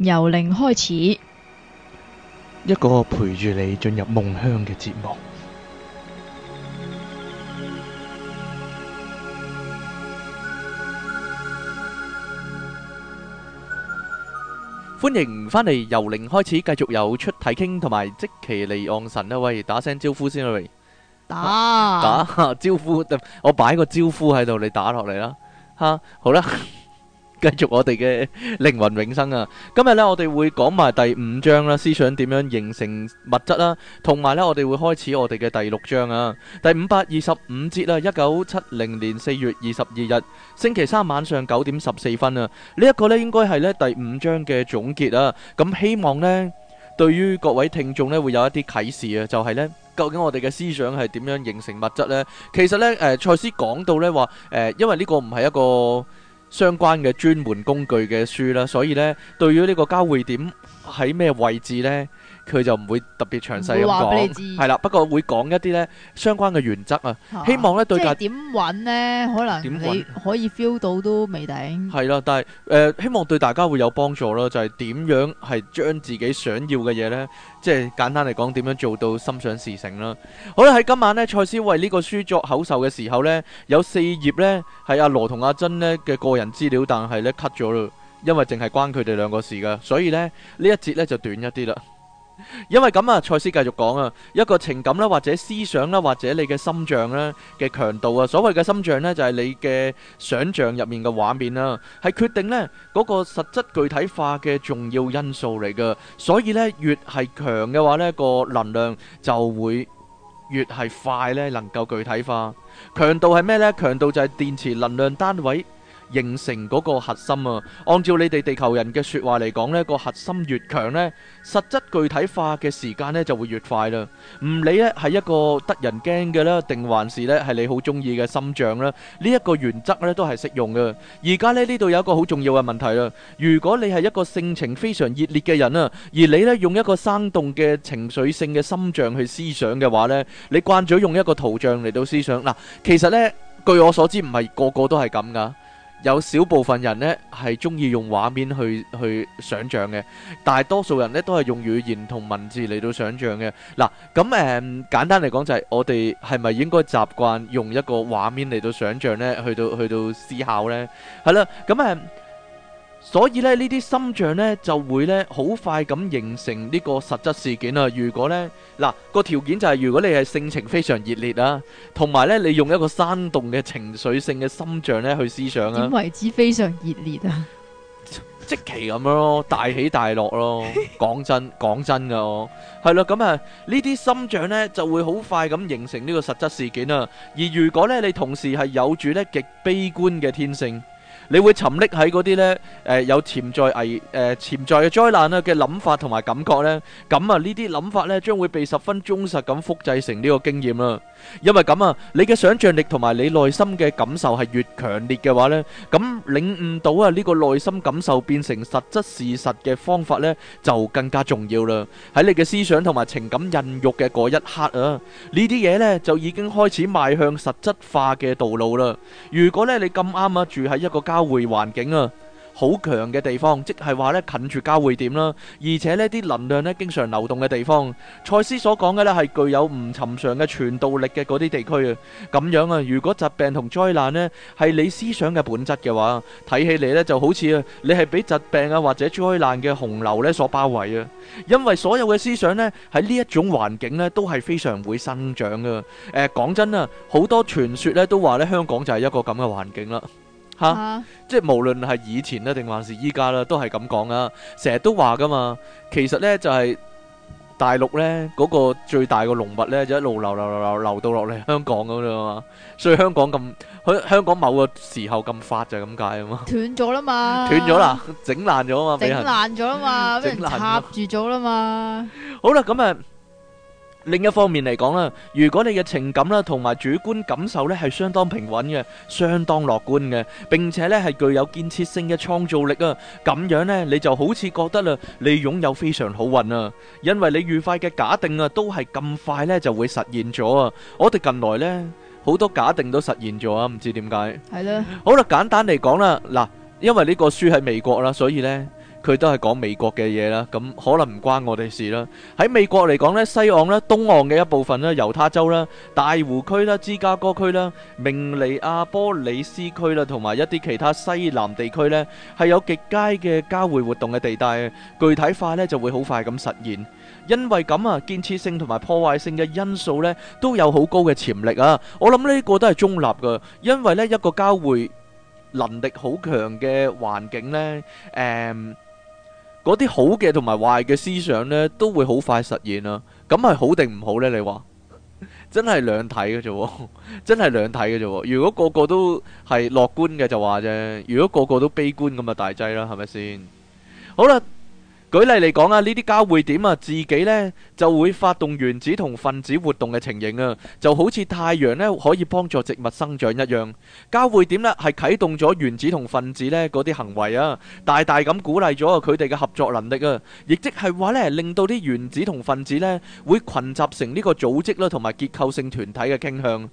由零開始，一個陪住你進入夢鄉嘅節目。歡迎返嚟，由零開始，繼續有出體傾同埋即其離岸神啦。喂，打聲招呼先啦，喂打，啊、打招呼，我擺個招呼喺度，你打落嚟啦，吓、啊、好啦。 繼續我哋嘅靈魂永生啊！今日咧，我哋會講埋第五章啦，思想點樣形成物質啦，同埋咧，我哋會開始我哋嘅第六章啊。第五百二十五節啦，一九七零年四月二十二日，星期三晚上九點十四分啊。呢一個咧，應該係咧第五章嘅總結啊。咁希望咧，對於各位聽眾咧，會有一啲啟示啊。就係咧，究竟我哋嘅思想係點樣形成物質咧？其實咧，誒，賽斯講到咧話，誒，因為呢個唔係一個。相關嘅專門工具嘅書啦，所以呢，對於呢個交匯點喺咩位置呢？佢就唔會特別詳細話畀你知。係啦。不過會講一啲呢相關嘅原則啊，啊希望呢對，大家係點揾呢？可能點可以 feel 到都未定。係啦，但係誒、呃，希望對大家會有幫助啦。就係、是、點樣係將自己想要嘅嘢呢？即、就、係、是、簡單嚟講，點樣做到心想事成啦？好啦，喺今晚呢，蔡思慧呢個書作口授嘅時候呢，有四頁呢係阿羅同阿珍呢嘅個人資料，但係呢 cut 咗啦，因為淨係關佢哋兩個事噶，所以呢，呢一節呢就短一啲啦。因為咁啊，賽斯繼續講啊，一個情感啦，或者思想啦，或者你嘅心象呢嘅強度啊，所謂嘅心象呢，就係你嘅想象入面嘅畫面啦，係決定呢嗰個實質具體化嘅重要因素嚟噶。所以呢，越係強嘅話呢，個能量就會越係快呢能夠具體化。強度係咩呢？強度就係電池能量單位，形成嗰個核心啊！按照你哋地球人嘅説話嚟講，呢個核心越強呢，實質具體化嘅時間呢就會越快啦。唔理咧係一個得人驚嘅啦，定還是呢係你好中意嘅心象啦，呢一個原則呢都係適用嘅。而家咧呢度有一個好重要嘅問題啊：如果你係一個性情非常熱烈嘅人啊，而你呢用一個生動嘅情緒性嘅心象去思想嘅話呢，你慣咗用一個圖像嚟到思想嗱，其實呢，據我所知唔係個個都係咁噶。有少部分人呢係中意用畫面去去想像嘅，大多數人呢都係用語言同文字嚟到想像嘅。嗱、啊，咁誒、嗯、簡單嚟講就係、係、我哋係咪應該習慣用一個畫面嚟到想像呢？去到去到思考呢？係啦，咁誒。嗯所以咧，呢啲心象呢，就會呢好快咁形成呢個實質事件啊。如果呢嗱個條件就係如果你係性情非常熱烈啊，同埋呢你用一個煽動嘅情緒性嘅心象呢去思想啊。點為之非常熱烈啊？即其咁樣咯，大起大落咯。講真，講 真噶，係咯。咁啊，呢啲心象呢，就會好快咁形成呢個實質事件啊。而如果呢，你同時係有住呢極悲觀嘅天性。你會沉溺喺嗰啲呢，誒有潛在危誒潛在嘅災難啊嘅諗法同埋感覺呢，咁啊呢啲諗法呢將會被十分忠實咁複製成呢個經驗啦。因為咁啊，你嘅想象力同埋你內心嘅感受係越強烈嘅話呢，咁領悟到啊呢個內心感受變成實質事實嘅方法呢就更加重要啦。喺你嘅思想同埋情感孕育嘅嗰一刻啊，呢啲嘢呢就已經開始邁向實質化嘅道路啦。如果呢你咁啱啊住喺一個家，交匯環境啊，好強嘅地方，即係話咧近住交匯點啦，而且咧啲能量咧經常流動嘅地方，蔡司所講嘅咧係具有唔尋常嘅傳導力嘅嗰啲地區啊。咁樣啊，如果疾病同災難咧係你思想嘅本質嘅話，睇起嚟咧就好似啊你係俾疾病啊或者災難嘅洪流咧所包圍啊，因為所有嘅思想咧喺呢一種環境咧都係非常會生長嘅。誒，講真啊，好多傳說咧都話咧香港就係一個咁嘅環境啦。吓蛤中文，即係無論係以前啦，定還是依家啦，都係咁講啊，成日都話噶嘛，其實咧就係大陸咧嗰個最大個龍脈咧，就一路流流流流流到落嚟香港咁樣啊嘛。Anchor, 所以香港咁，香香港某個時候咁發就係咁解啊嘛。斷咗啦嘛，斷咗中文啦，整爛咗啊嘛，整爛咗啦嘛，俾中文中文人插住咗啦嘛。好啦，咁啊。另一方面嚟講啦，如果你嘅情感啦同埋主觀感受咧係相當平穩嘅，相當樂觀嘅，並且咧係具有建設性嘅創造力啊，咁樣呢，你就好似覺得啦，你擁有非常好運啊，因為你愉快嘅假定啊都係咁快呢就會實現咗啊！我哋近來呢，好多假定都實現咗啊，唔知點解係啦。的好啦，簡單嚟講啦，嗱，因為呢個書喺美國啦，所以呢。佢都係講美國嘅嘢啦，咁可能唔關我哋事啦。喺美國嚟講咧，西岸啦、東岸嘅一部分啦、猶他州啦、大湖區啦、芝加哥區啦、明尼亞波里斯區啦，同埋一啲其他西南地區咧，係有極佳嘅交匯活動嘅地帶。具體化咧就會好快咁實現，因為咁啊，建設性同埋破壞性嘅因素咧都有好高嘅潛力啊！我諗呢個都係中立噶，因為咧一個交匯能力好強嘅環境咧，誒。嗰啲好嘅同埋壞嘅思想呢，都會好快實現啦、啊。咁係好定唔好呢？你話 真係兩睇嘅啫， 真係兩睇嘅啫。如果個個都係樂觀嘅就話啫，如果個個都悲觀咁啊大劑啦，係咪先？好啦。舉例嚟講啊，呢啲交匯點啊，自己呢就會發動原子同分子活動嘅情形啊，就好似太陽呢可以幫助植物生長一樣。交匯點呢係啟動咗原子同分子呢嗰啲行為啊，大大咁鼓勵咗佢哋嘅合作能力啊，亦即係話呢令到啲原子同分子呢會群集成呢個組織啦，同埋結構性團體嘅傾向。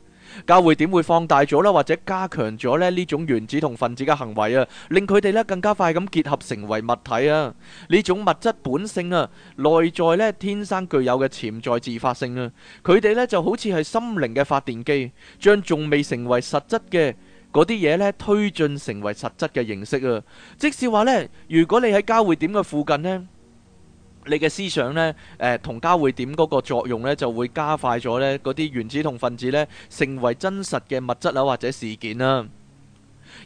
交匯點會放大咗啦，或者加強咗呢呢種原子同分子嘅行為啊，令佢哋呢更加快咁結合成為物體啊。呢種物質本性啊，內在呢天生具有嘅潛在自發性啊，佢哋呢就好似係心靈嘅發電機，將仲未成為實質嘅嗰啲嘢呢，推進成為實質嘅形式啊。即使話呢，如果你喺交匯點嘅附近呢。你嘅思想呢，誒同交匯點嗰個作用呢，就會加快咗呢嗰啲原子同分子呢，成為真實嘅物質呀，或者事件啦。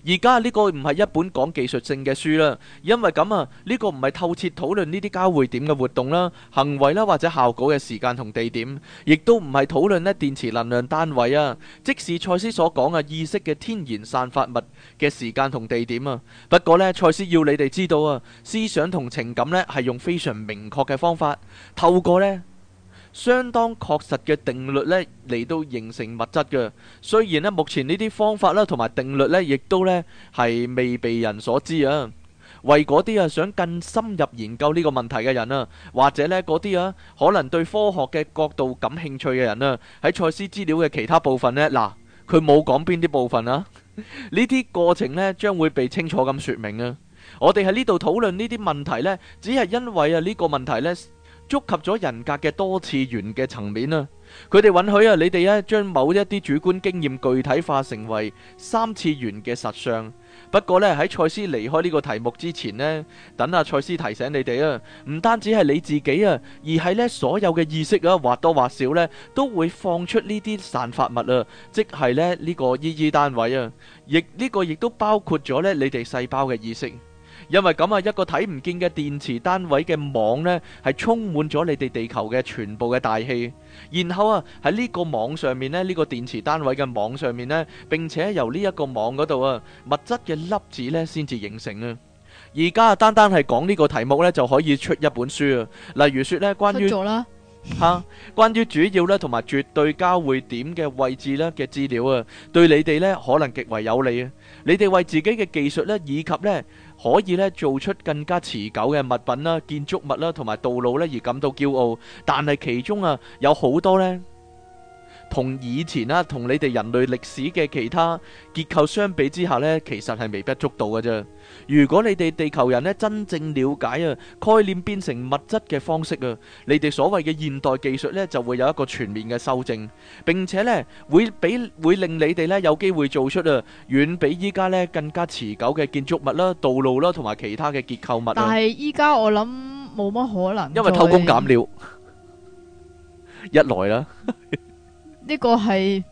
而家呢個唔係一本講技術性嘅書啦，因為咁啊，呢個唔係透徹討論呢啲交匯點嘅活動啦、行為啦或者效果嘅時間同地點，亦都唔係討論呢電池能量單位啊。即使賽斯所講嘅意識嘅天然散發物嘅時間同地點啊，不過呢，賽斯要你哋知道啊，思想同情感呢係用非常明確嘅方法透過呢，相當確實嘅定律咧嚟到形成物質嘅，雖然咧目前呢啲方法啦同埋定律咧，亦都咧係未被人所知啊。為嗰啲啊想更深入研究呢個問題嘅人啊，或者呢嗰啲啊可能對科學嘅角度感興趣嘅人啊，喺賽斯資料嘅其他部分呢，嗱佢冇講邊啲部分啊？呢 啲過程咧將會被清楚咁説明啊！我哋喺呢度討論呢啲問題呢，只係因為啊呢個問題呢。觸及咗人格嘅多次元嘅層面啊！佢哋允許啊，你哋咧，將某一啲主觀經驗具體化成為三次元嘅實相。不過咧喺賽斯離開呢個題目之前咧，等阿賽斯提醒你哋啊，唔單止係你自己啊，而係咧所有嘅意識啊，或多或少咧都會放出呢啲散發物啊，即係咧呢個意義單位啊，亦呢、這個亦都包括咗咧你哋細胞嘅意識。因為咁啊，一個睇唔見嘅電池單位嘅網呢，係充滿咗你哋地球嘅全部嘅大氣。然後啊，喺呢個網上面呢，呢個電池單位嘅網上面呢，並且由呢一個網嗰度啊，物質嘅粒子呢先至形成啊。而家啊，單單係講呢個題目呢，就可以出一本書啊。例如說呢，關於吓、啊，關於主要咧同埋絕對交匯點嘅位置呢嘅資料啊，對你哋呢可能極為有利啊。你哋為自己嘅技術呢，以及呢……可以咧做出更加持久嘅物品啦、建築物啦同埋道路咧，而感到驕傲。但係其中啊有好多呢。同以前啦、啊，同你哋人類歷史嘅其他結構相比之下呢，其實係微不足道嘅啫。如果你哋地球人呢，真正了解啊概念變成物質嘅方式啊，你哋所謂嘅現代技術呢，就會有一個全面嘅修正，並且呢，會俾會令你哋呢，有機會做出啊遠比依家呢更加持久嘅建築物啦、啊、道路啦同埋其他嘅結構物、啊。但係依家我諗冇乜可能，因為偷工減料 一來啦吧笑。呢個係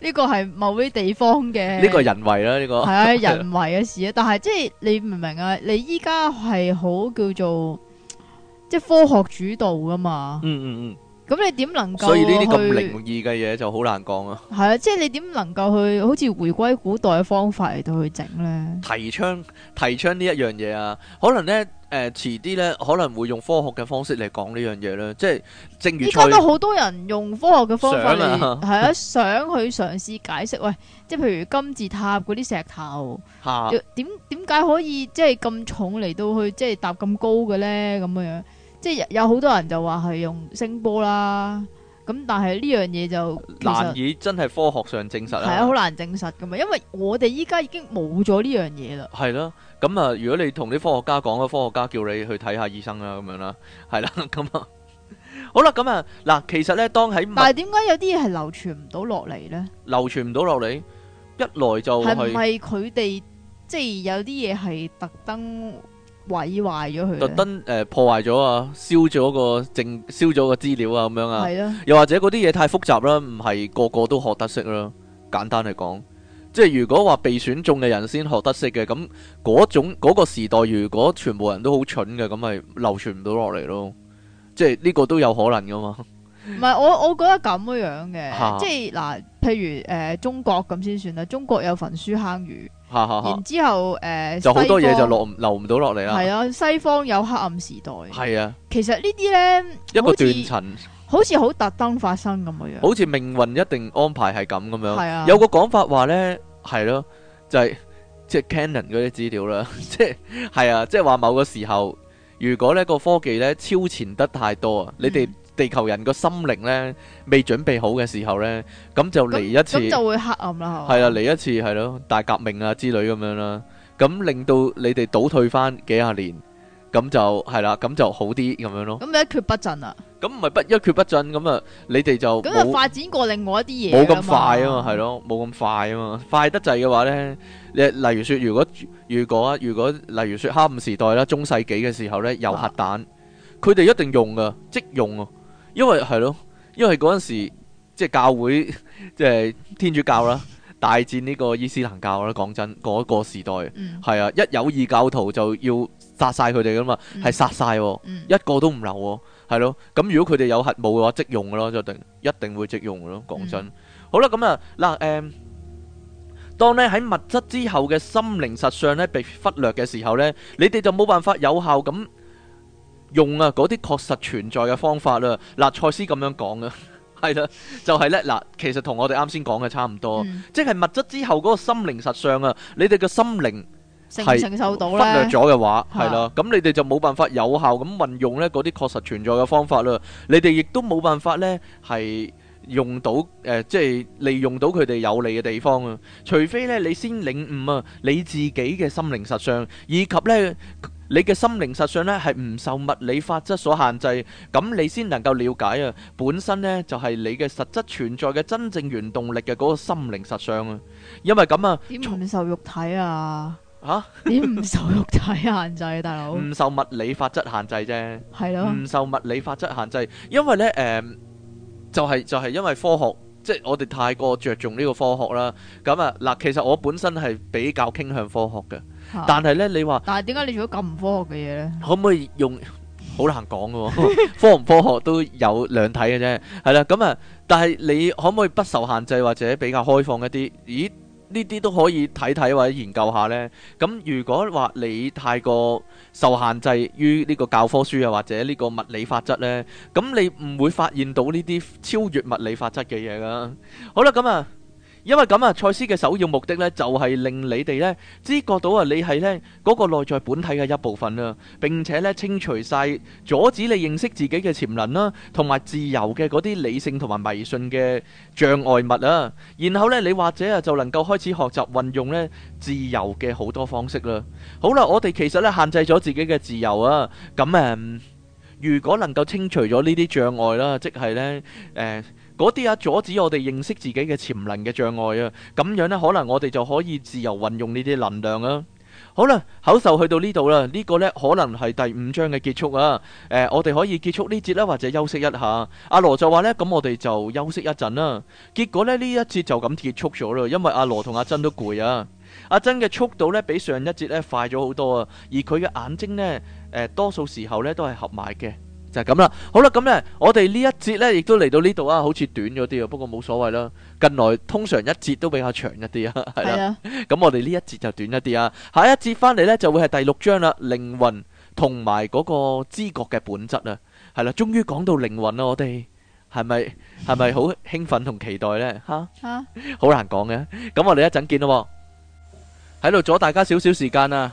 呢個係某啲地方嘅，呢個人為啦，呢個係啊人為嘅事啊， 但係即係你唔明啊？你依家係好叫做即係科學主導噶嘛？嗯嗯嗯。嗯嗯咁、嗯、你點能夠、啊？所以呢啲咁靈異嘅嘢就好難講啊！係啊，即係你點能夠去好似回歸古代嘅方法嚟到去整咧？提倡提倡呢一樣嘢啊，可能咧誒、呃、遲啲咧可能會用科學嘅方式嚟講呢樣嘢咧，即係正如依家都好多人用科學嘅方法嚟係想啊，是啊， 想去嘗試解釋，喂，即係譬如金字塔嗰啲石頭點點解可以即係咁重嚟到去即係搭咁高嘅咧咁樣？即係有好多人就話係用聲波啦，咁但係呢樣嘢就難以真係科學上證實啦。係啊，好難證實噶嘛，因為我哋依家已經冇咗呢樣嘢啦。係咯，咁啊，如果你同啲科學家講啦，科學家叫你去睇下醫生啦，咁樣啦，係啦，咁 啊， 好啦，咁啊，嗱，其實咧，當喺但係點解有啲嘢係流傳唔到落嚟咧？流傳唔到落嚟，一來就係唔係佢哋，即係有啲嘢係特登。毀壞咗佢，特登誒破壞咗啊，燒咗個淨，燒咗個資料啊，咁樣啊，是的 又或者嗰啲嘢太複雜啦，唔係個個都學得識啦。簡單嚟講，即係如果話被選中嘅人先學得識嘅，咁嗰種嗰、嗰個時代，如果全部人都好蠢嘅，咁咪流傳唔到落嚟咯。即係呢個都有可能噶嘛。唔係我我覺得咁樣嘅， 即係嗱、呃，譬如誒、呃、中國咁先算啦，中國有焚書坑儒。哈哈，然之後，誒、呃，就好多嘢就落留唔到落嚟啦。係方啊，西方有黑暗時代。係啊，其實呢啲咧，像一個斷層，好似好特登發生咁嘅樣。好似命運一定安排係咁咁樣。係啊，有個講法話咧，係咯、啊，就係、是、即係 Canon 嗰啲資料啦，即係係啊，即係話某個時候，如果呢個科技咧超前得太多啊，你哋、嗯。地球人個心靈咧未準備好嘅時候咧，咁就嚟一次，咁就會黑暗啦。係啊，嚟一次係咯，大革命啊之類咁樣啦，咁令到你哋倒退翻幾廿年，咁就係啦，咁就好啲咁樣咯。咁一蹶不振啊？咁唔係不一蹶不振，咁啊，你哋就咁啊發展過另外一啲嘢，冇咁快啊嘛，係咯，冇咁快啊嘛，快得滯嘅話咧，誒，例如說，如果如果如果，例如說黑暗時代啦，中世紀嘅時候咧，有核彈，佢哋一定用噶，即用啊。因為係咯，因為嗰陣時即係教會即係天主教啦，大戰呢個伊斯蘭教啦。講真，嗰個時代係啊，一有異教徒就要殺晒佢哋噶嘛，係殺晒，一個都唔留。係咯，咁如果佢哋有核武嘅話，即用噶咯，就定一定會即用噶咯。講真，好啦，咁啊嗱，誒，當咧喺物質之後嘅心靈實相咧被忽略嘅時候咧，你哋就冇辦法有效咁。用啊嗰啲確實存在嘅方法啦，嗱，賽斯咁樣講啊，係 啦，就係咧嗱，其實同我哋啱先講嘅差唔多，嗯、即係物質之後嗰個心靈實相啊，你哋嘅心靈承唔承受到忽略咗嘅話，係啦，咁、啊、你哋就冇辦法有效咁運用咧嗰啲確實存在嘅方法啦，你哋亦都冇辦法咧係用到誒，即、呃、係、即係、利用到佢哋有利嘅地方啊，除非咧你先領悟啊你自己嘅心靈實相以及咧。你嘅心靈實相咧係唔受物理法則所限制，咁你先能夠了解啊，本身呢，就係你嘅實質存在嘅真正原動力嘅嗰個心靈實相啊。因為咁啊，點唔受肉體啊吓，點唔受肉體限制，大佬唔受物理法則限制啫，係咯的，唔受物理法則限制，因為呢，誒、呃，就係、是、就係、是、因為科學，即、就、係、是、我哋太過着重呢個科學啦。咁啊嗱，其實我本身係比較傾向科學嘅。但係咧，你話但係點解你做咗咁唔科學嘅嘢咧？可唔可以用？好 難講嘅， 科唔科學都有兩睇嘅啫。係啦，咁啊，但係你可唔可以不受限制或者比較開放一啲？咦，呢啲都可以睇睇或者研究下咧。咁如果話你太過受限制於呢個教科書啊或者呢個物理法則咧，咁你唔會發現到呢啲超越物理法則嘅嘢噶。好啦，咁、嗯、啊。因為咁啊，賽斯嘅首要目的呢，就係、是、令你哋呢知覺到啊，你係呢嗰個內在本體嘅一部分啦，並且呢清除晒阻止你認識自己嘅潛能啦，同埋自由嘅嗰啲理性同埋迷信嘅障礙物啦，然後呢，你或者啊就能夠開始學習運用呢自由嘅好多方式啦。好啦，我哋其實呢限制咗自己嘅自由啊。咁、嗯、誒，如果能夠清除咗呢啲障礙啦，即係呢。誒、呃。嗰啲啊，阻止我哋認識自己嘅潛能嘅障礙啊，咁樣呢，可能我哋就可以自由運用呢啲能量啊。好啦，口秀去到呢度啦，呢、呢個呢，可能係第五章嘅結束啊。呃、我哋可以結束呢節啦，或者休息一下。阿羅就話呢，咁我哋就休息一陣啦。結果呢，呢一節就咁結束咗啦，因為阿羅同阿珍都攰啊。阿珍嘅速度呢，比上一節呢快咗好多啊，而佢嘅眼睛呢，呃、多數時候呢都係合埋嘅。就係咁啦，好啦，咁咧，我哋呢一節呢亦都嚟到呢度啊，好似短咗啲啊，不過冇所謂啦。近來通常一節都比較長一啲啊，係啦。咁的 我哋呢一節就短一啲啊，下一節翻嚟呢，就會係第六章啦，靈魂同埋嗰個知覺嘅本質啊，係啦，終於講到靈魂啦，我哋係咪係咪好興奮同期待呢？吓 好難講嘅。咁我哋一陣見咯，喺度阻大家少少時間啊。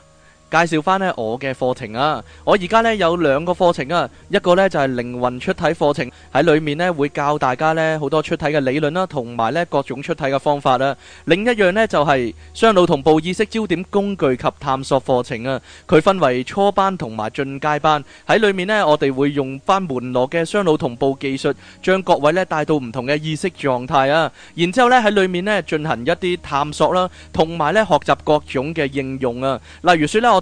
介紹翻呢我嘅課程啊！我而家呢有兩個課程啊，一個呢就係靈魂出體課程，喺裏面呢會教大家呢好多出體嘅理論啦，同埋呢各種出體嘅方法啊。另一樣呢就係雙腦同步意識焦點工具及探索課程啊。佢分為初班同埋進階班，喺裏面呢我哋會用翻門羅嘅雙腦同步技術，將各位呢帶到唔同嘅意識狀態啊。然之後呢喺裏面呢進行一啲探索啦，同埋呢學習各種嘅應用啊。例如説呢我。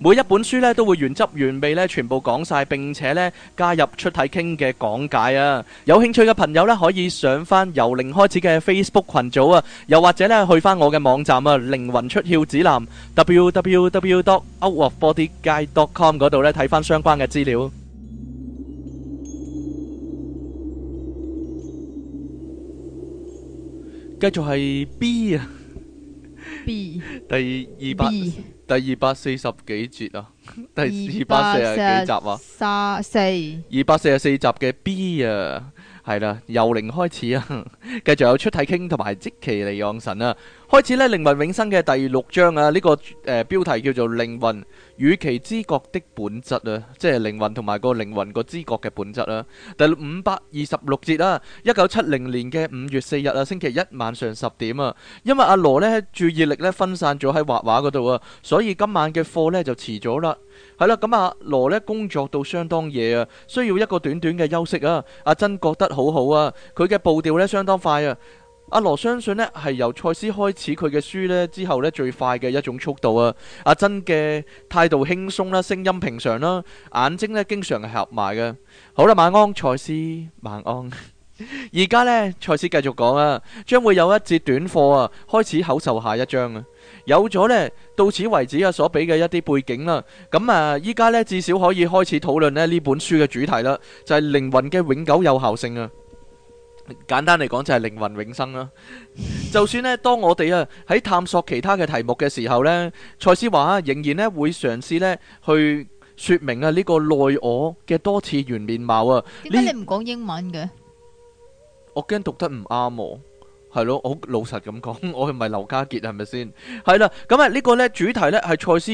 每一本書咧都會原汁原味咧全部講晒，並且咧加入出體傾嘅講解啊！有興趣嘅朋友咧可以上翻由零開始嘅 Facebook 群組啊，又或者咧去翻我嘅網站啊靈魂出竅指南 www.outofbodyguide.com 嗰度咧睇翻相關嘅資料。B. 繼續係 B 啊 ，B 第二二百。第二百四十幾集啊，第二百四十幾集啊，三四，二百四十四集嘅 B 啊。係啦，由零開始啊，繼續有出體傾同埋積奇利養神啊。開始呢，靈魂永生嘅第六章啊，呢、這個誒、呃、標題叫做靈魂與其知覺的本質啊，即係靈魂同埋個靈魂個知覺嘅本質啊。第五百二十六節啦，一九七零年嘅五月四日啊，星期一晚上十點啊。因為阿羅呢注意力呢分散咗喺畫畫嗰度啊，所以今晚嘅課呢就遲咗啦。係啦，咁阿羅呢工作到相當夜啊，需要一個短短嘅休息啊。阿珍覺得好好啊，佢嘅步調呢相當快啊。阿羅相信呢係由賽斯開始佢嘅書呢之後呢最快嘅一種速度啊。阿珍嘅態度輕鬆啦，聲音平常啦，眼睛呢經常係合埋嘅。好啦，晚安，賽斯，晚安。而 家呢，賽斯繼續講啊，將會有一節短課啊，開始口授下一章啊。有咗咧，到此為止啊，所俾嘅一啲背景啦，咁啊，依家咧至少可以開始討論咧呢本書嘅主題啦，就係靈魂嘅永久有效性啊。簡單嚟講就係靈魂永生啦。就算咧當我哋啊喺探索其他嘅題目嘅時候咧，蔡思華啊仍然咧會嘗試咧去說明啊呢個內我嘅多次元面貌啊。點解你唔講英文嘅？我驚讀得唔啱喎。係咯，我老實咁講，我唔係劉家傑係咪先？係啦，咁啊呢個咧主題呢，係賽斯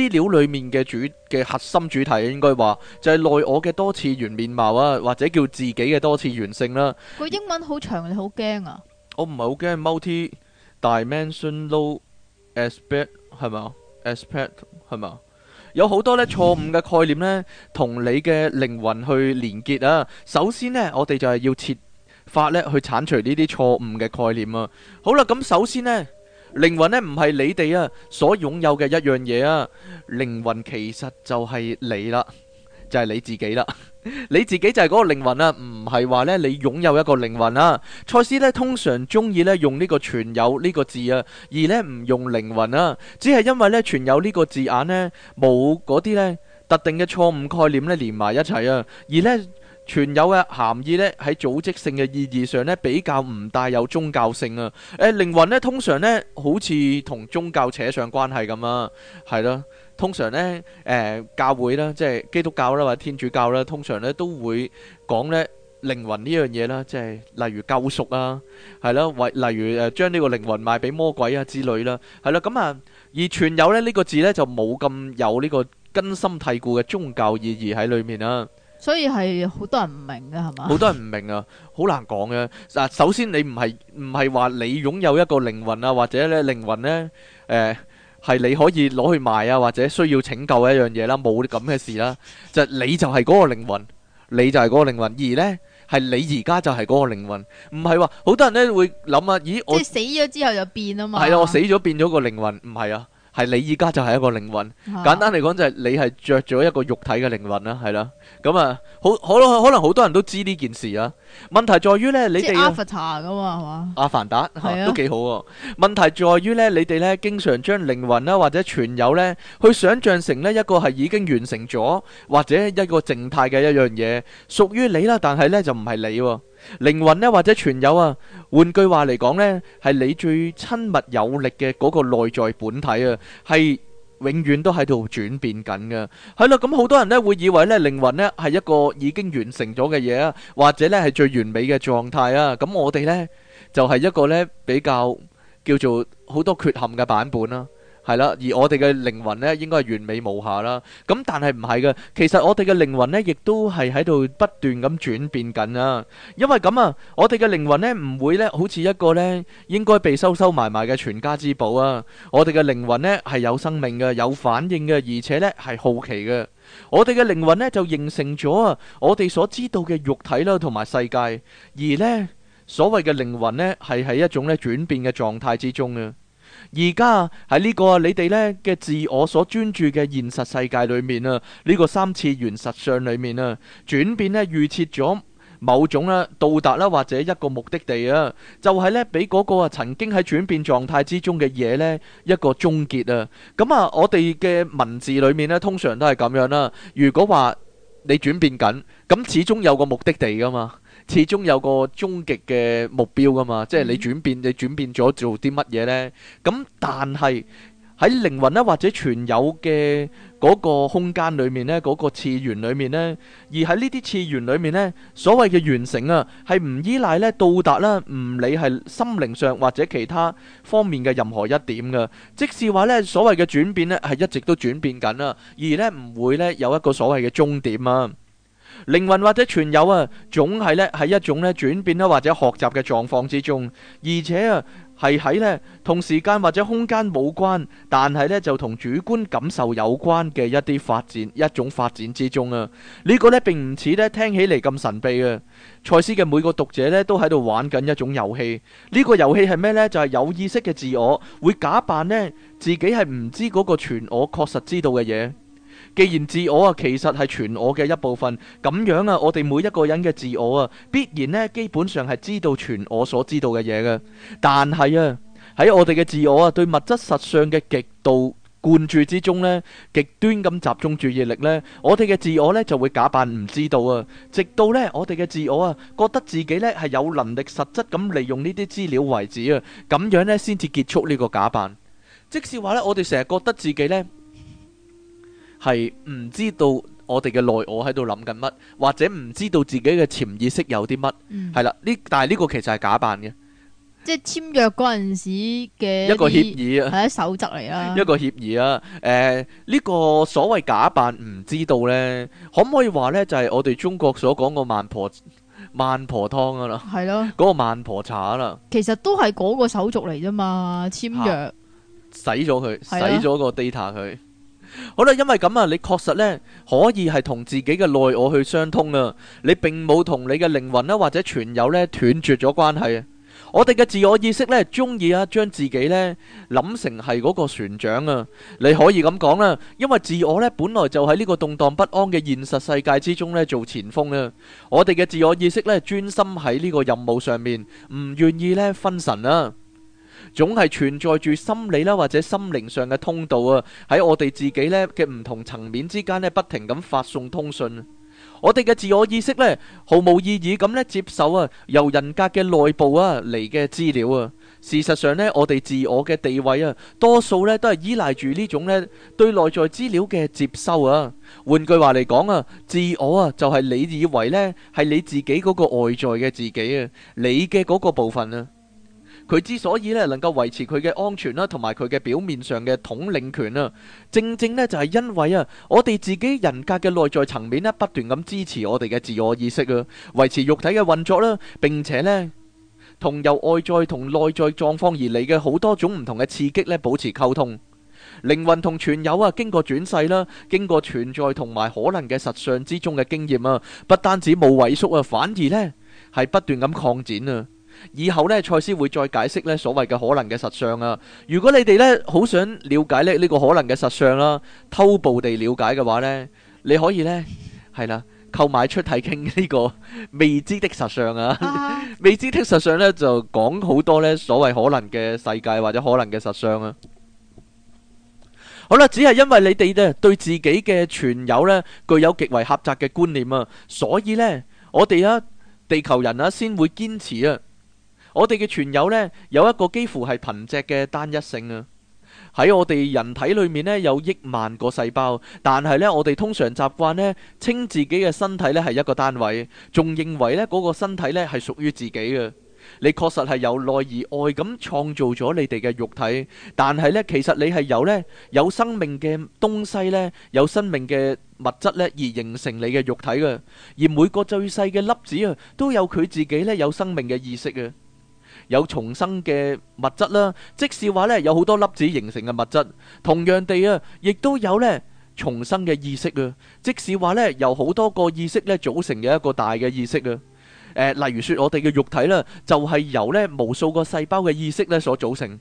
資料裏面嘅主嘅核心主題啊，應該話就係內我嘅多次元面貌啊，或者叫自己嘅多次元性啦。個英文好長，你好驚啊？我唔係好驚，multi dimension low aspect 係嘛？aspect 係嘛？有好多咧錯誤嘅概念呢，同你嘅靈魂去連結啊。首先呢，我哋就係要切。法咧去鏟除呢啲錯誤嘅概念啊！好啦，咁、嗯、首先呢，靈魂呢唔係你哋啊所擁有嘅一樣嘢啊，靈、啊、魂其實就係你啦，就係、是、你自己啦， 你自己就係嗰個靈魂啊，唔係話呢你擁有一個靈魂啊。賽斯呢通常中意呢用呢、呢個存有呢、呢個字啊，而呢唔用靈魂啊，只係因為呢「存有呢個字眼呢，冇嗰啲呢特定嘅錯誤概念呢連埋一齊啊，而呢。存有嘅含義咧，喺組織性嘅意義上咧，比較唔帶有宗教性啊。誒靈魂咧，通常咧好似同宗教扯上關係咁啊，係咯。通常咧，誒教會啦，即係基督教啦或者天主教啦，通常咧都會講咧靈魂呢樣嘢啦，即係例如救贖啊，係咯，為例如誒將呢個靈魂賣俾魔鬼啊之類啦，係啦。咁啊，而存有咧呢個字咧就冇咁有呢個根深蒂固嘅宗教意義喺裡面啊。所以係好多人唔明嘅係嘛？好多人唔明啊，好難講嘅。嗱、啊，首先你唔係唔係話你擁有一個靈魂啊，或者咧靈魂咧，誒、呃、係你可以攞去賣啊，或者需要拯救一、啊、樣嘢啦，冇咁嘅事啦、啊。就係、你就係嗰個靈魂，你就係嗰個靈魂。而呢，係你而家就係嗰個靈魂，唔係話好多人咧會諗啊，咦，即係我即係死咗之後就變啊嘛？係咯、啊，我死咗變咗個靈魂，唔係啊。係你依家就係一個靈魂，簡單嚟講就係你係着咗一個肉體嘅靈魂啦，係啦，咁、嗯、啊，好可可能好多人都知呢件事啊。問題在於呢，你哋阿，阿凡達阿凡達都幾好、啊。問題在於呢，你哋呢經常將靈魂啦、啊、或者存有呢，去想象成呢一個係已經完成咗或者一個靜態嘅一樣嘢，屬於你啦，但係呢，就唔係你。靈魂呢，或者存有啊，換句話嚟講呢，係你最親密有力嘅嗰個內在本體啊，係永遠都喺度轉變緊噶。係咯，咁好多人呢會以為呢靈魂呢係一個已經完成咗嘅嘢啊，或者呢係最完美嘅狀態啊。咁我哋呢，就係、是、一個呢比較叫做好多缺陷嘅版本啦。係啦，而我哋嘅靈魂呢，應該係完美無瑕啦。咁但係唔係嘅，其實我哋嘅靈魂呢，亦都係喺度不斷咁轉變緊啊。因為咁啊，我哋嘅靈魂呢，唔會呢好似一個呢應該被收收埋埋嘅全家之寶啊。我哋嘅靈魂呢係有生命嘅，有反應嘅，而且呢係好奇嘅。我哋嘅靈魂呢就形成咗啊，我哋所知道嘅肉體啦，同埋世界。而呢所謂嘅靈魂呢係喺一種咧轉變嘅狀態之中啊。而家喺呢個你哋呢嘅自我所專注嘅現實世界裡面啊，呢個三次元實相裡面啊，轉變呢預設咗某種呢，到達啦或者一個目的地啊，就係呢，俾嗰個啊曾經喺轉變狀態之中嘅嘢呢，一個終結啊。咁啊，我哋嘅文字裡面呢，通常都係咁樣啦。如果話你轉變緊，咁始終有個目的地噶嘛。始終有個終極嘅目標㗎嘛，即係你轉變，你轉變咗做啲乜嘢呢？咁但係喺靈魂呢或者存有嘅嗰個空間裏面呢，嗰個次元裏面呢，而喺呢啲次元裏面呢，所謂嘅完成啊，係唔依賴呢到達啦，唔理係心靈上或者其他方面嘅任何一點噶，即使話呢所謂嘅轉變呢係一直都轉變緊啊，而呢唔會呢有一個所謂嘅終點啊。靈魂或者存有啊，總係咧喺一種咧轉變啦或者學習嘅狀況之中，而且啊係喺呢，同時間或者空間冇關，但係呢，就同主觀感受有關嘅一啲發展一種發展之中啊。呢、這個呢，並唔似呢聽起嚟咁神秘啊。賽斯嘅每個讀者呢，都喺度玩緊一種遊戲，呢、這個遊戲係咩呢？就係、是、有意識嘅自我會假扮呢，自己係唔知嗰個全我確實知道嘅嘢。既然自我啊，其實係全我嘅一部分，咁樣啊，我哋每一個人嘅自我啊，必然咧，基本上係知道全我所知道嘅嘢嘅。但係啊，喺我哋嘅自我啊，對物質實相嘅極度灌注之中呢，極端咁集中注意力呢，我哋嘅自我咧，就會假扮唔知道啊。直到呢，我哋嘅自我啊，覺得自己咧，係有能力實質咁利用呢啲資料為止啊。咁樣呢先至結束呢個假扮。即使話呢，我哋成日覺得自己呢，係唔知道我哋嘅內我喺度諗緊乜，或者唔知道自己嘅潛意識有啲乜，係啦呢。但係呢個其實係假扮嘅，即係簽約嗰陣時嘅一個協議，係一守則嚟啊，一個協議啊，誒呢個，啊呃這個所謂假扮唔知道呢，可唔可以話呢？就係、是、我哋中國所講個孟婆孟婆湯啊啦，係咯的，嗰個孟婆茶啦，其實都係嗰個手續嚟啫嘛。簽約洗咗佢，洗咗個 data 佢。好啦，因為咁啊，你確實呢，可以係同自己嘅內我去相通啊，你並冇同你嘅靈魂啦或者全有呢斷絕咗關係啊。我哋嘅自我意識呢，中意啊將自己呢，諗成係嗰個船長啊，你可以咁講啦，因為自我呢，本來就喺呢個動盪不安嘅現實世界之中呢做前鋒啊。我哋嘅自我意識呢，專心喺呢個任務上面，唔願意呢分神啊。總係存在住心理啦，或者心靈上嘅通道啊，喺我哋自己呢嘅唔同層面之間呢，不停咁發送通訊。我哋嘅自我意識呢，毫無意義咁呢接受啊，由人格嘅內部啊嚟嘅資料啊。事實上呢，我哋自我嘅地位啊，多數呢都係依賴住呢種呢對內在資料嘅接收啊。換句話嚟講啊，自我啊就係你以為呢係你自己嗰個外在嘅自己啊，你嘅嗰個部分啊。佢之所以呢能夠維持佢嘅安全啦，同埋佢嘅表面上嘅統領權啊，正正呢就係因為啊，我哋自己人格嘅內在層面呢不斷咁支持我哋嘅自我意識啊，維持肉體嘅運作啦，並且呢，同由外在同內在狀況而嚟嘅好多種唔同嘅刺激呢保持溝通。靈魂同存有啊，經過轉世啦，經過存在同埋可能嘅實相之中嘅經驗啊，不單止冇萎縮啊，反而呢，係不斷咁擴展啊。以後咧，賽斯會再解釋咧所謂嘅可能嘅實相啊！如果你哋呢好想了解咧呢、這個可能嘅實相啦、啊，偷步地了解嘅話呢，你可以呢，係啦購買出體經呢個未知的實相啊！ 未知的實相呢，就講好多呢所謂可能嘅世界或者可能嘅實相啊！好啦，只係因為你哋嘅對自己嘅存有呢具有極為狹窄嘅觀念啊，所以呢，我哋啊地球人啊先會堅持啊！我哋嘅存有呢，有一個幾乎係貧瘠嘅單一性啊！喺我哋人體裏面呢，有億萬個細胞，但係呢，我哋通常習慣呢，稱自己嘅身體呢係一個單位，仲認為呢嗰、這個身體呢係屬於自己嘅。你確實係由內而外咁創造咗你哋嘅肉體，但係呢，其實你係由呢有生命嘅東西呢、有生命嘅物質呢而形成你嘅肉體嘅。而每個最細嘅粒子啊，都有佢自己呢有生命嘅意識嘅。有重生嘅物質啦，即使話呢，有好多粒子形成嘅物質，同樣地啊，亦都有呢重生嘅意識啊，即使話呢，由好多個意識呢，組成嘅一個大嘅意識啊，呃，例如說我哋嘅肉體呢，就係由呢無數個細胞嘅意識呢所組成，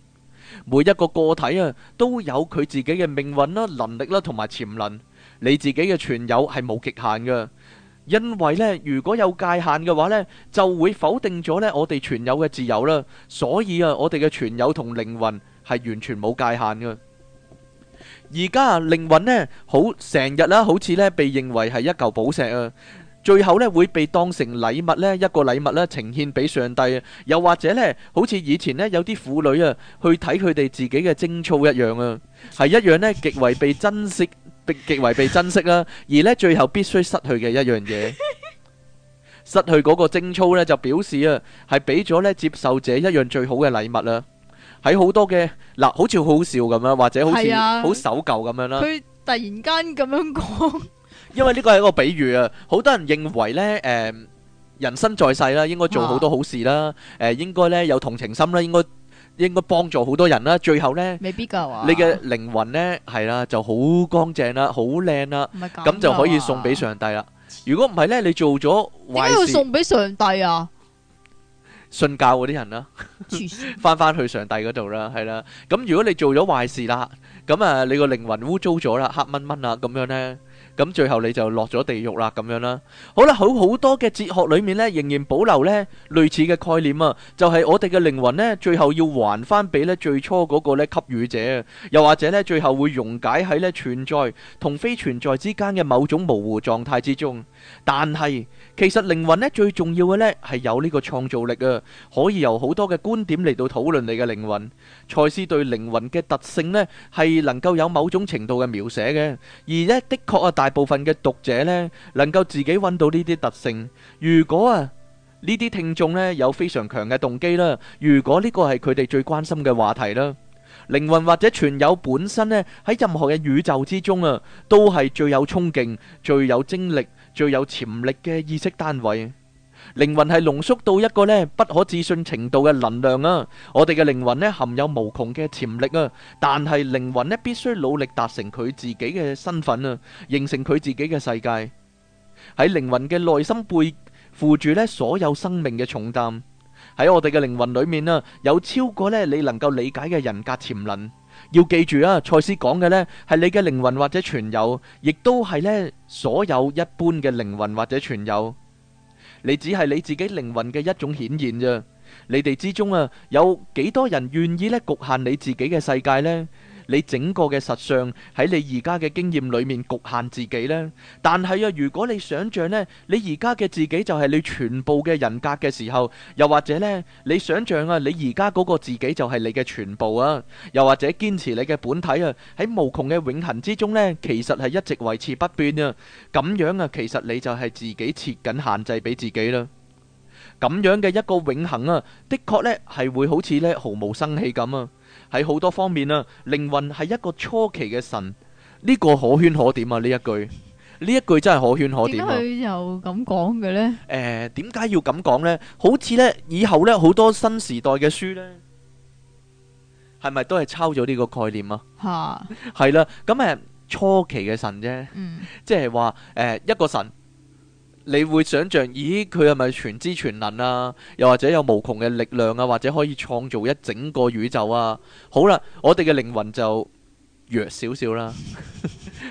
每一個個體啊都有佢自己嘅命運啦、能力啦同埋潛能，你自己嘅存有係冇極限嘅。因為呢，如果有界限嘅話呢，就會否定咗呢我哋存有嘅自由啦。所以啊，我哋嘅存有同靈魂係完全冇界限嘅。而家啊，靈魂呢好成日啦，好似呢被認為係一嚿寶石啊，最後呢會被當成禮物呢一個禮物呢呈獻俾上帝，又或者呢好似以前呢有啲婦女啊去睇佢哋自己嘅貞操一樣啊，係一樣呢極為被珍惜。極為被珍惜啦，而咧最後必須失去嘅一樣嘢，失去嗰個貞操咧，就表示啊，係俾咗咧接受者一樣最好嘅禮物啦。喺好多嘅嗱，好似好笑咁樣，或者好似好守舊咁樣啦。佢突然間咁樣講，因為呢個係一個比喻啊。好多人認為咧，誒，人生在世啦，應該做好多好事啦，誒，應該咧有同情心啦，應該。應該幫助好多人啦，最後咧，未必噶你嘅靈魂咧係啦就好乾淨啦，好靚啦，咁就可以送俾上帝啦。如果唔係咧，你做咗壞事，點解要送俾上帝啊？信教嗰啲人啦，翻翻去上帝嗰度啦，係啦。咁如果你做咗壞事啦，咁啊你個靈魂污糟咗啦，黑蚊蚊啦，咁樣咧。咁最後你就落咗地獄啦，咁樣啦。好啦，好好多嘅哲學裏面咧，仍然保留咧類似嘅概念啊，就係、是、我哋嘅靈魂咧，最後要還翻俾咧最初嗰個咧給予者，又或者咧最後會溶解喺咧存在同非存在之間嘅某種模糊狀態之中。但係其實靈魂呢最重要嘅呢係有呢個創造力啊，可以由好多嘅觀點嚟到討論你嘅靈魂。賽斯對靈魂嘅特性呢係能夠有某種程度嘅描寫嘅，而呢的確啊，大部分嘅讀者呢能夠自己揾到呢啲特性。如果啊呢啲聽眾呢有非常強嘅動機啦，如果呢個係佢哋最關心嘅話題啦，靈魂或者存有本身呢喺任何嘅宇宙之中啊，都係最有衝勁、最有精力。最有潛力嘅意識單位，靈魂係濃縮到一個呢不可置信程度嘅能量啊！我哋嘅靈魂呢含有無窮嘅潛力啊，但係靈魂呢必須努力達成佢自己嘅身份啊，形成佢自己嘅世界。喺靈魂嘅內心背負住呢所有生命嘅重擔，喺我哋嘅靈魂裏面啊，有超過呢你能夠理解嘅人格潛能。要記住啊，賽斯講嘅呢係你嘅靈魂或者存有，亦都係呢所有一般嘅靈魂或者存有。你只係你自己靈魂嘅一種顯現啫。你哋之中啊，有幾多人願意呢局限你自己嘅世界呢？你整個嘅實相喺你而家嘅經驗裏面局限自己咧，但係啊，如果你想象咧，你而家嘅自己就係你全部嘅人格嘅時候，又或者咧，你想象啊，你而家嗰個自己就係你嘅全部啊，又或者堅持你嘅本體啊，喺無窮嘅永恒之中咧，其實係一直維持不變啊，咁樣啊，其實你就係自己設緊限制俾自己啦。咁樣嘅一個永恒啊，的確咧，係會好似咧，毫無生氣咁啊。喺好多方面啦，靈魂係一個初期嘅神，呢、呢個可圈可點啊！呢一句，呢 一句真係可圈可點啊！點解佢又咁講嘅咧？誒、欸，點解要咁講咧？好似咧，以後咧好多新時代嘅書咧，係咪都係抄咗呢個概念？啊吓， 係啦，咁誒初期嘅神啫，嗯，即係話誒一個神。你會想象，咦，佢係咪全知全能啊？又或者有無窮嘅力量啊？或者可以創造一整個宇宙啊？好啦，我哋嘅靈魂就弱少少啦，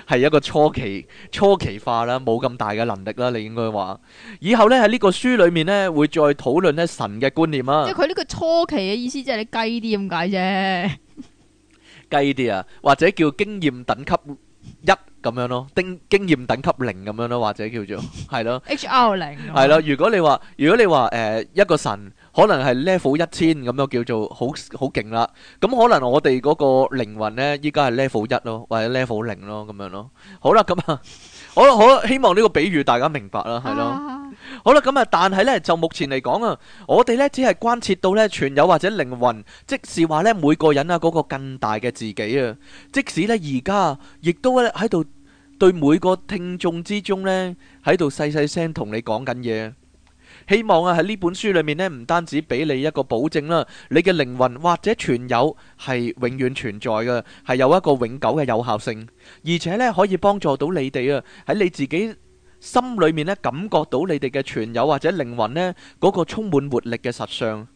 係 一個初期、初期化啦，冇咁大嘅能力啦。你應該話以後呢喺呢個書裏面呢，會再討論呢神嘅觀念啊。即係佢呢個初期嘅意思，即係你雞啲咁解啫，雞啲啊，或者叫經驗等級。咁樣咯，經經驗等級零咁樣咯，或者叫做，係咯，HR 零係咯。如果你話，如果你話，誒一個神，可能係 level 一千咁樣叫做好好勁啦，咁可能我哋嗰個靈魂呢，依家係 level 一咯，或者 level 零咯咁樣咯。好啦，咁啊，好啦好，希望呢個比喻大家明白啦，係咯。 好啦，咁啊，但係呢，就目前嚟講啊，我哋呢，只係關切到呢存有或者靈魂，即是話呢，每個人啊嗰個更大嘅自己啊，即使呢，而家亦都咧喺度對每個聽眾之中呢，喺度細細聲同你講緊嘢。希望啊喺呢本書裏面咧，唔單止俾你一個保證啦，你嘅靈魂或者存有係永遠存在嘅，係有一個永久嘅有效性，而且呢，可以幫助到你哋啊喺你自己心裏面呢，感覺到你哋嘅存有或者靈魂呢，嗰個充滿活力嘅實相。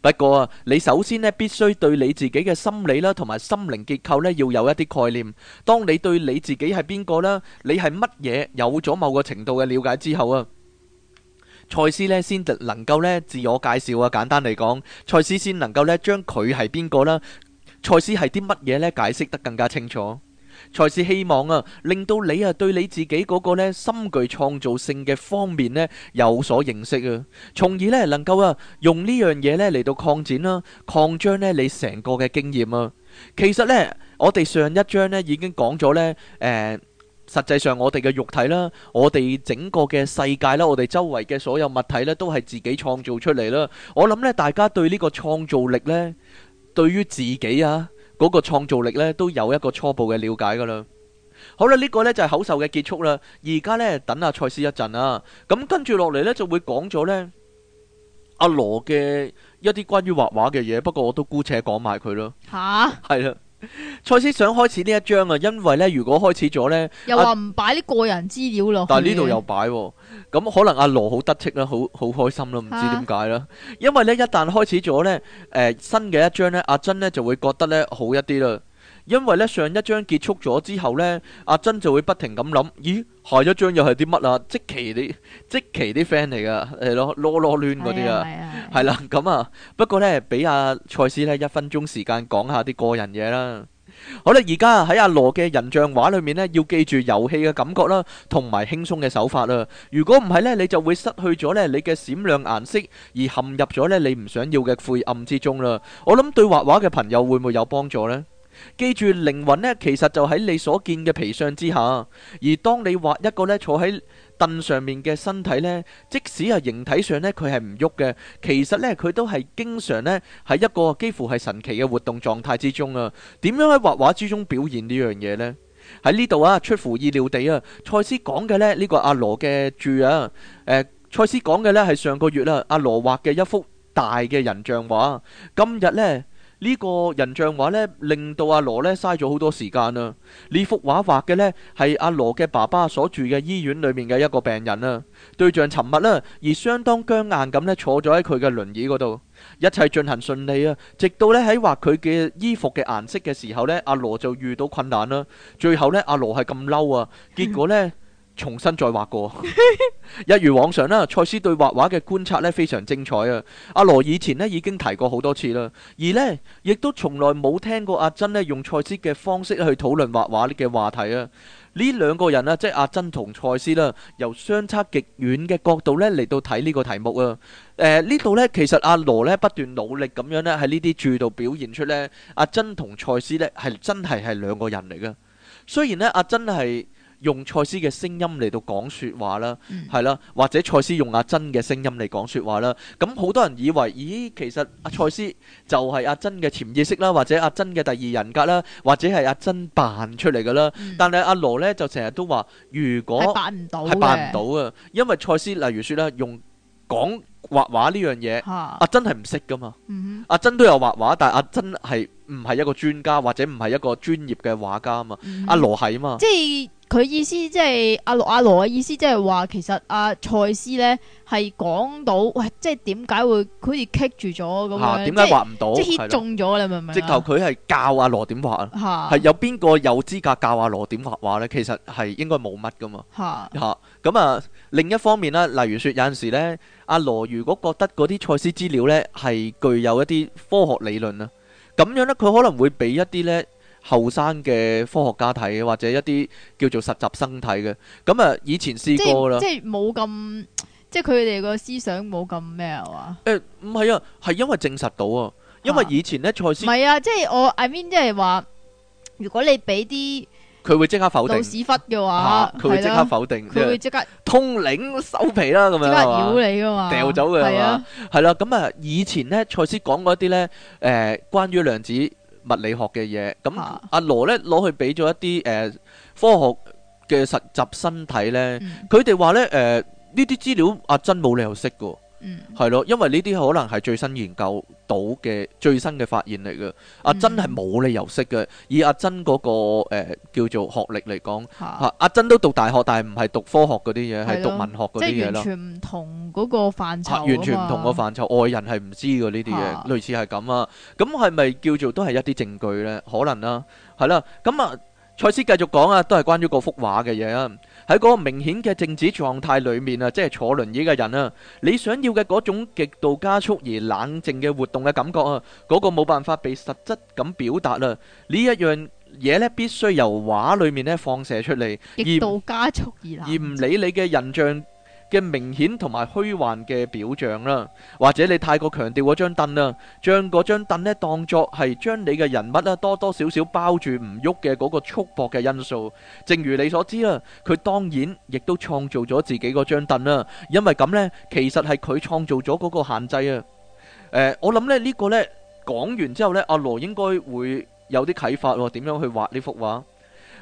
不過啊，你首先呢，必須對你自己嘅心理啦同埋心靈結構呢，要有一啲概念。當你對你自己係邊個啦，你係乜嘢有咗某個程度嘅了解之後啊。賽斯咧先能能夠呢自我介紹啊，簡單嚟講，賽斯先能夠咧將佢係邊個啦，賽斯係啲乜嘢咧，解釋得更加清楚，賽斯希望啊，令到你啊對你自己嗰個咧深具創造性嘅方面咧有所認識啊，從而咧能夠啊用呢樣嘢咧嚟到擴展啦、啊、擴張咧你成個嘅經驗啊。其實呢，我哋上一章咧已經講咗咧誒。呃實際上我，我哋嘅肉體啦，我哋整個嘅世界啦，我哋周圍嘅所有物體呢，都係自己創造出嚟啦。我諗呢，大家對呢個創造力呢，對於自己啊嗰個創造力呢，都有一個初步嘅了解噶啦。好啦，呢、這個呢就係口授嘅結束啦。而家呢，等阿賽斯一陣啦，咁跟住落嚟呢，就會講咗呢阿羅嘅一啲關於畫畫嘅嘢，不過我都姑且講埋佢咯。吓、啊？係啦。賽斯想開始呢一章啊，因為呢如果開始咗呢，又話唔擺啲個人資料囉，啊、但係呢度又擺、啊，咁、嗯嗯、可能阿羅好得戚啦，好好開心啦，唔知點解啦，啊、因為呢一旦開始咗呢，誒、呃、新嘅一章呢，阿珍呢就會覺得呢好一啲啦。因為咧，上一章結束咗之後呢，阿珍就會不停咁諗，咦，下一章又係啲乜啊？即奇啲即奇啲 friend 嚟噶，係咯，囉囉攣嗰啲啊，係啦咁啊。不過呢，俾阿賽斯呢，一分鐘時間講下啲個人嘢啦。好啦，而家喺阿羅嘅人像畫裏面呢，要記住遊戲嘅感覺啦，同埋輕鬆嘅手法啦。如果唔係呢，你就會失去咗呢你嘅閃亮顏色，而陷入咗呢你唔想要嘅晦暗之中啦。我諗對畫畫嘅朋友會唔會有幫助呢？記住靈魂呢，其實就喺你所見嘅皮相之下。而當你畫一個呢坐喺凳上面嘅身體呢，即使係、啊、形體上呢，佢係唔喐嘅，其實呢，佢都係經常呢喺一個幾乎係神奇嘅活動狀態之中啊。點樣喺畫畫之中表現呢樣嘢呢？喺呢度啊，出乎意料地啊，賽斯講嘅呢，呢、呢個阿、啊、羅嘅注啊，賽、呃、斯講嘅呢，係上個月啦、啊，阿羅畫嘅一幅大嘅人像畫，今日呢。呢個人像畫呢，令到阿羅呢嘥咗好多時間啊。呢幅畫畫嘅呢，係阿羅嘅爸爸所住嘅醫院裏面嘅一個病人啊。對象沉默啦，而相當僵硬咁呢，坐咗喺佢嘅輪椅嗰度，一切進行順利啊。直到呢，喺畫佢嘅衣服嘅顏色嘅時候呢，阿羅就遇到困難啦。最後呢，阿羅係咁嬲啊，結果呢， 重新再畫過， 一如往常啦。賽斯對畫畫嘅觀察咧非常精彩啊！阿羅以前咧已經提過好多次啦，而呢亦都從來冇聽過阿珍咧用賽斯嘅方式去討論畫畫呢嘅話題啊！呢兩個人啊，即係阿珍同賽斯啦，由相差極遠嘅角度咧嚟到睇呢個題目啊！誒呢度呢，其實阿羅咧不斷努力咁樣咧喺呢啲注度表現出呢，阿珍同賽斯呢係真係係兩個人嚟噶。雖然呢，阿珍係。用賽斯嘅聲音嚟到講說話啦，係、嗯、啦，或者賽斯用阿珍嘅聲音嚟講說話啦。咁好多人以為，咦，其實阿賽斯就係阿珍嘅潛意識啦，或者阿珍嘅第二人格啦，或者係阿珍扮出嚟㗎啦。嗯、但係阿羅呢，就成日都話，如果係扮唔到嘅，啊，因為賽斯，例如説啦，用講。畫畫呢樣嘢，阿珍係唔識噶嘛？阿珍都有畫畫，但阿珍係唔係一個專家或者唔係一個專業嘅畫家啊嘛。阿羅係啊嘛，即係佢意思，即係阿羅阿羅嘅意思，即係話其實阿賽斯咧係講到，喂，即係點解會好似棘住咗咁樣？點解畫唔到？即係中咗啦，明唔明？直頭佢係教阿羅點畫，係有邊個有資格教阿羅點畫畫咧？其實係應該冇乜噶嘛。吓，咁啊，另一方面咧，例如說有陣時咧。阿羅、啊、如果覺得嗰啲賽斯資料呢係具有一啲科學理論啊，咁樣呢，佢可能會俾一啲呢後生嘅科學家睇或者一啲叫做實習生睇嘅。咁、欸、啊，以前試過啦，即係冇咁，即係佢哋個思想冇咁咩啊嘛。唔係啊，係因為證實到啊，因為以前呢，賽斯唔係啊，即係我 I mean 即係話，如果你俾啲。佢會即刻否定。屎忽嘅話，佢、啊、會即刻否定。佢的為會即刻通靈收皮啦，咁樣啊嘛。刻你掉走佢。係啊的，係啦。咁啊，以前咧，賽斯講過一啲咧，誒、呃，關於量子物理學嘅嘢，咁、嗯、阿、啊啊、羅咧攞去俾咗一啲誒、呃、科學嘅實習身體咧，佢哋話咧，誒呢啲、呃、資料阿珍冇理由識嘅。係咯、嗯，因為呢啲可能係最新研究到嘅最新嘅發現嚟嘅。阿珍係冇理由識嘅，以阿珍嗰、嗰個誒、呃、叫做學歷嚟講，阿阿珍都讀大學，但係唔係讀科學嗰啲嘢，係了讀文學嗰啲嘢咯。完全唔同嗰個範疇，完全唔同個範疇，外人係唔知嘅呢啲嘢，啊、類似係咁啊。咁係咪叫做都係一啲證據咧？可能啦，係啦。咁啊，賽斯繼續講啊，都係關於嗰幅畫嘅嘢啊。喺嗰個明顯嘅靜止狀態裏面啊，即係坐輪椅嘅人啊，你想要嘅嗰種極度加速而冷靜嘅活動嘅感覺啊，嗰、那個冇辦法被實質咁表達啦。呢一樣嘢咧，必須由畫裏面咧放射出嚟，而唔理你嘅人像。嘅明顯同埋虛幻嘅表象啦，或者你太過強調嗰張凳啦，將嗰張凳呢當作係將你嘅人物啦多多少少包住唔喐嘅嗰個束縛嘅因素。正如你所知啦，佢當然亦都創造咗自己嗰張凳啦，因為咁呢，其實係佢創造咗嗰個限制啊。誒、呃，我諗咧呢個呢講完之後呢，阿羅應該會有啲啟發喎，點樣去畫呢幅畫？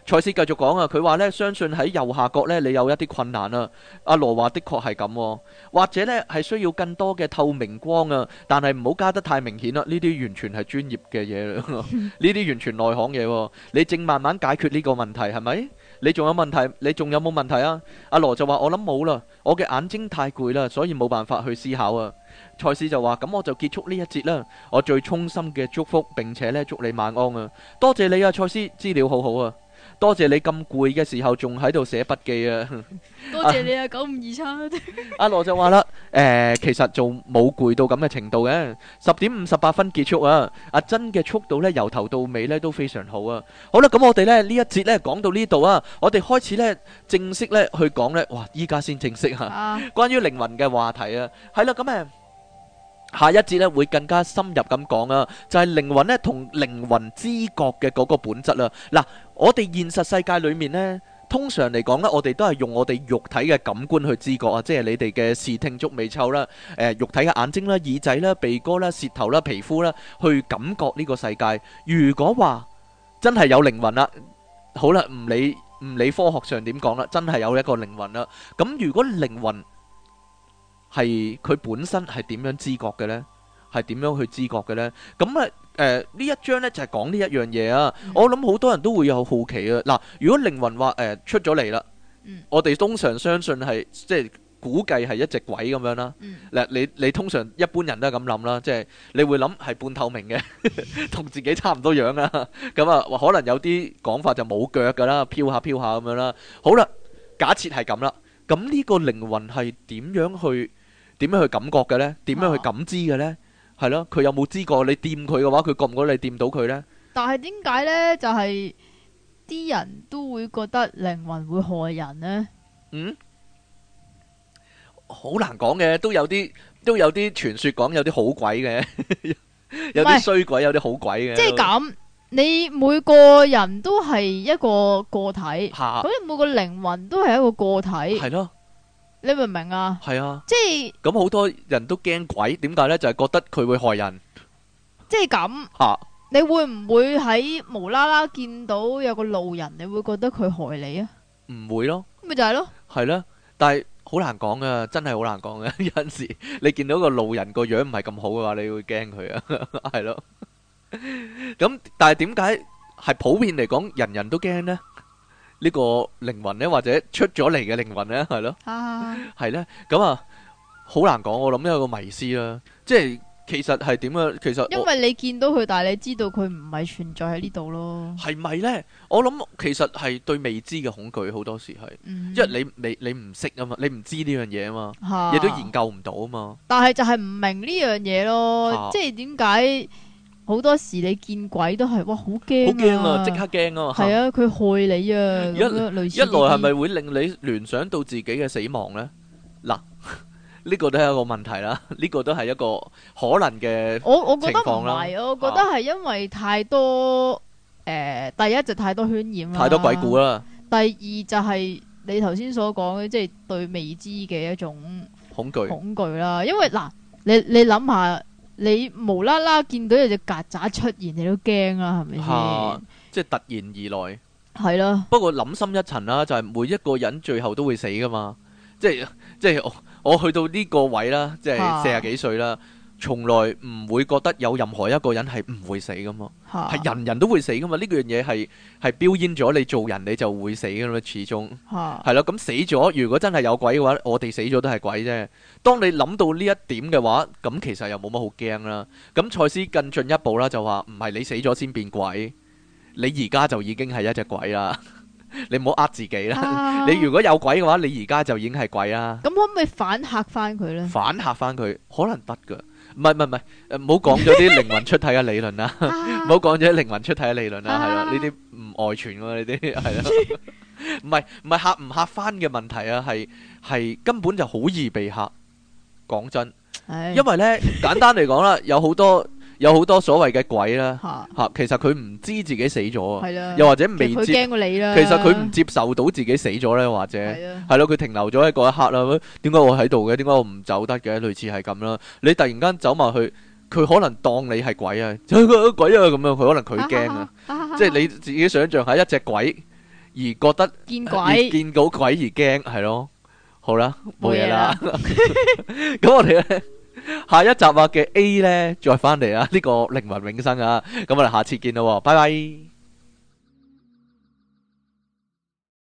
賽斯繼續講啊，佢話呢，相信喺右下角呢，你有一啲困難啊。阿羅話的確係咁，或者呢係需要更多嘅透明光啊，但係唔好加得太明顯啦、啊。呢啲完全係專業嘅嘢，呢啲 完全內行嘢、啊。你正慢慢解決呢個問題係咪？你仲有問題？你仲有冇問題啊？阿羅就話，我諗冇啦，我嘅眼睛太攰啦，所以冇辦法去思考啊。賽斯就話咁，我就結束呢一節啦。我最衷心嘅祝福，並且呢，祝你晚安啊。多謝你啊，賽斯，資料好好啊。多謝你咁攰嘅時候仲喺度寫筆記啊！ 多謝你啊，九五二七阿羅就話啦，誒、呃，其實仲冇攰到咁嘅程度嘅、啊，十點五十八分結束啊！阿珍嘅速度咧，由頭到尾咧都非常好啊！好啦，咁我哋咧呢一節咧講到呢度啊，我哋開始咧正式咧去講咧，哇！依家先正式吓、啊，啊、關於靈魂嘅話題啊，係啦咁誒。 下一節咧會更加深入咁講啊，就係、是、靈魂咧同靈魂知覺嘅嗰個本質啦。嗱，我哋現實世界裏面呢，通常嚟講呢，我哋都係用我哋肉體嘅感官去知覺啊，即係你哋嘅視聽觸味嗅啦，誒、呃，肉體嘅眼睛啦、耳仔啦、鼻哥啦、舌頭啦、皮膚啦，去感覺呢個世界。如果話真係有靈魂啦，好啦，唔理唔理科學上點講啦，真係有一個靈魂啦，咁如果靈魂。係佢本身係點樣知覺嘅呢？係點樣去知覺嘅呢？咁啊，誒、呃、呢一章呢，就係、是、講呢一樣嘢啊！嗯、我諗好多人都會有好奇啊。嗱，如果靈魂話誒、呃、出咗嚟啦，嗯、我哋通常相信係即係估計係一隻鬼咁樣啦、啊。嗱、嗯，你你通常一般人都係咁諗啦，即、就、係、是、你會諗係半透明嘅，同 自己差唔多樣啦、啊。咁 啊、嗯，可能有啲講法就冇腳噶啦，飄下飄下咁樣啦、啊。好啦，假設係咁啦，咁呢個靈魂係點樣去？點樣去感覺嘅呢？點樣去感知嘅呢？係咯，佢有冇知覺？你掂佢嘅話，佢覺唔覺得你掂到佢呢？但係點解呢？就係啲人都會覺得靈魂會害人呢？嗯，好難講嘅，都有啲都有啲傳說講有啲好鬼嘅，有啲衰鬼，有啲好鬼嘅。即係咁，你每個人都係一個個體，咁你每個靈魂都係一個個體，係咯。你明唔明啊？係啊，即係咁好多人都驚鬼，點解呢？就係覺得佢會害人，即係咁。吓，你會唔會喺無啦啦見到有個路人，你會覺得佢害你啊？唔會咯，咪就係咯，係咯。但係好難講噶，真係好難講嘅。有陣時你見到個路人個樣唔係咁好嘅話，你會驚佢啊？係咯。咁但係點解係普遍嚟講人人都驚呢？呢個靈魂咧，或者出咗嚟嘅靈魂咧，係 咯， 係咧，咁啊，好難講。我諗有個迷思啦，即係其實係點啊？其實，其實因為你見到佢，但係你知道佢唔係存在喺呢度咯，係咪咧？我諗其實係對未知嘅恐懼好多時係，嗯、因為你你你唔識啊嘛，你唔知呢樣嘢啊嘛，亦都研究唔到啊嘛。但係就係唔明呢樣嘢咯，啊、即係點解？好多時你見鬼都係，哇，好驚好驚啊！即刻驚啊！係啊，佢、啊、害你啊！嗯、類一一,一來係咪會令你聯想到自己嘅死亡咧？嗱，呢個都係一個問題啦，呢個都係一個可能嘅，我我覺得唔係，我覺得係因為太多誒、啊呃，第一就太多渲染啦，太多鬼故啦。第二就係你頭先所講嘅，即、就、係、是、對未知嘅一種恐懼恐懼啦。因為嗱，你你諗下。你無啦啦見到有隻曱甴出現，你都驚啦，係咪先？吓，即係突然而來。係咯的。不過諗深一層啦，就係每一個人最後都會死噶嘛。即係即係我我去到呢個位啦，即係四十幾歲啦。啊從來唔會覺得有任何一個人係唔會死噶嘛，係人人都會死噶嘛，呢個樣嘢係係 built in 咗你做人，你就會死噶啦，始終係啦。咁死咗，如果真係有鬼嘅話，我哋死咗都係鬼啫。當你諗到呢一點嘅話，咁其實又冇乜好驚啦。咁賽斯更進一步啦，就話唔係你死咗先變鬼，你而家就已經係一隻鬼啦。 你唔好呃自己啦。啊、 你如果有鬼嘅話，你而家就已經係鬼啦。咁可唔可以反吓翻佢呢？反吓翻佢可能得噶。唔係唔係唔係，唔好講咗啲靈魂出體嘅理論啦，唔好講咗啲靈魂出體嘅理論啦，係咯， 呢啲唔外傳喎，呢啲係咯，唔係唔係嚇唔嚇返嘅問題啊，係係根本就好易被嚇，講真， 因為咧簡單嚟講啦，有好多。有好多所謂嘅鬼啦，吓、啊，其實佢唔知自己死咗啊，的又或者未知。其實佢唔接受到自己死咗呢，或者係咯，佢的停留咗喺嗰一刻啦。點解我喺度嘅？點解我唔走得嘅？類似係咁啦。你突然間走埋去，佢可能當你係鬼啊，鬼啊咁樣。佢、啊啊啊、可能佢驚啊，啊即係你自己想象下，一隻鬼而覺得見鬼，見到鬼而驚係咯。好啦，冇嘢啦。咁 我哋咧。下一集啊嘅 A 呢，再翻嚟啊，呢、呢個靈魂永生啊，咁我哋下次見啦，拜拜。